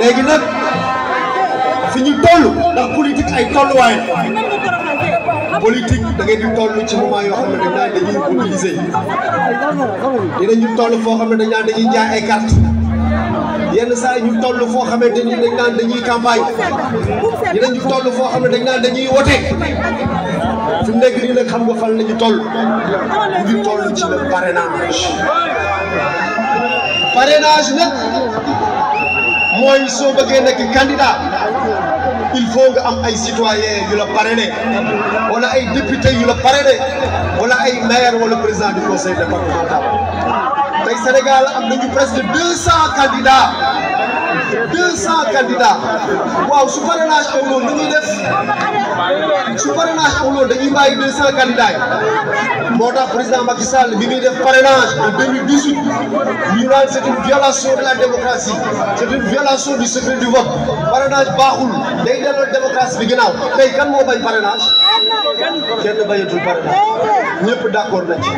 léegi nag fi ñu toll ndax politique ay tolluwaay politique da ngay di toll ci moment yoo xam ne dañ naan dañuy mobiliser dinañu toll foo xam ne dañ naan dañuy jaay ay carte yenn saa yi ñu toll foo xamante ni dañ naan dañuy campagne dinañu toll foo xam ne dañ naan dañuy wote fi mu nekk nii nag xam nga fan la ñu toll ñu ngi toll ci le parrainage parrainage nag. Moi, moi soo suis nekk candidat il faut nga am ay citoyen yu la parrainer wala ay député yu la parrainer wala ay maire wala président du conseil départemental Le Sénégal am nañu presque 200 candidats deux cent candidats waaw su parrainage am loolu su parrainage am loolu dañuy bàyyi deux cent candidats yi moo tax président Macky bi muy def parrainage en 2018 ñu naan c' est une violation de la démocratie c' est une violation du di du vote parrainage baaxul day delloo démocratie bi ginnaaw tey kan moo bañ parrainage kenn bañatul parrainage ñëpp d' accord nañ ci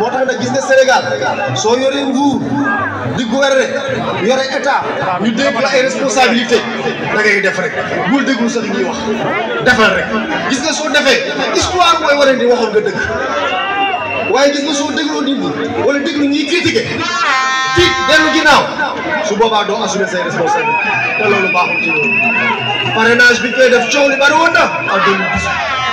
moo tax nag gis nga Sénégal soo yoree nguur. di gouverner yore état ñu dégg la ay responsabilité da ngay def rek bul déglu sax ñuy wax defal rek gis nga soo defee histoire mooy wane ni waxoon nga dëgg waaye gis nga soo dégloo nit ñi wala déglu ñuy critiqué tiit dellu ginnaaw su boobaa doo assumer say responsabilité te loolu baaxul ci loolu parrainage bi ñu koy def coow li bari woon na en 2010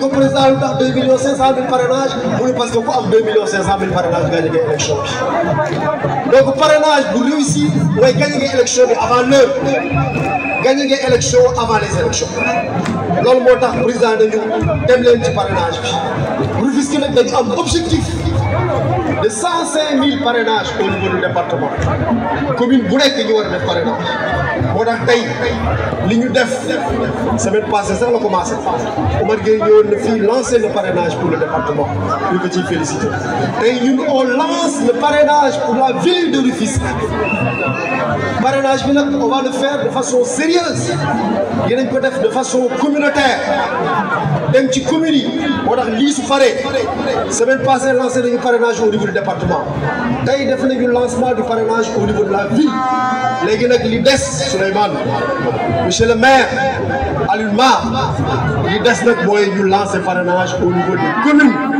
le président millions parrainage parce que 2 millions 500 000 parrainage donc parrainage vous réussissez gagné avant l'heure gagné l'élection élection avant les élections L'homme motax président dem parrainage bi risquez objectif de 105 000 parrainages au niveau du département Comme une boulette, il y a parrainage a tax Ça li ñu def semaine passée ça, ça. On a à faire. On a lancé le parrainage pour le département Je vous félicite. Et on lance le parrainage pour la ville de Rufisque parrainage on va le faire de façon sérieuse dinañ ko def de façon communautaire dem ci commune On a tax ce faré. La semaine passée a lancé le parrainage au niveau du département Il def le lancement du parrainage au niveau de la ville Les nag li des Souleymane monsieur le maire à Mar li des lancer mooy ñu parrainage au niveau la communes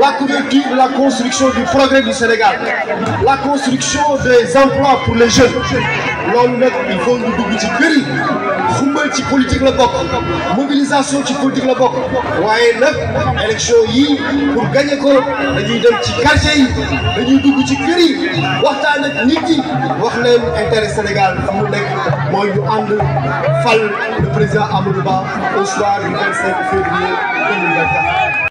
la couverture de la construction du progrès du Sénégal, la construction des emplois pour les jeunes. loolu nag il faut nous dugg ci bëri xumbal ci politique la bokk mobilisation ci politique la bokk waaye nag élection yi pour gagner ko dañuy dem ci quartier yi dañuy dugg ci kër yi waxtaan ak nit yi wax leen intérêt Sénégal xam mu nekk mooy ñu ànd le président Amadou Ba au soir du 25 février 2024